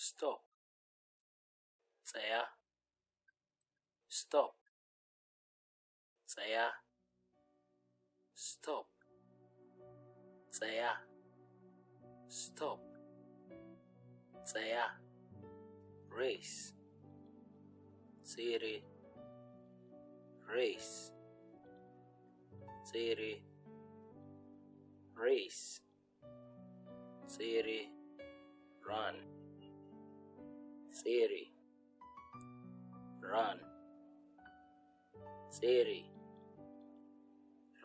stop tsaya stop tsaya stop tsaya stop tsaya race tsere race tsere race tsere run Siri run Siri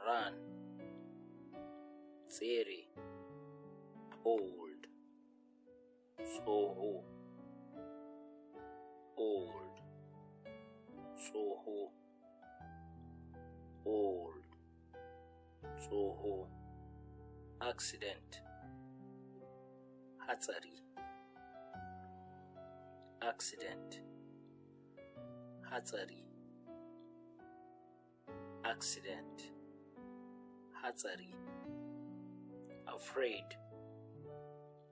run Siri old Soho old Soho old Soho accident hatsari accident hatsari accident hatsari afraid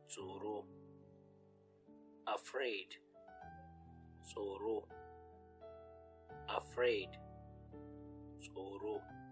tsoro afraid tsoro afraid tsoro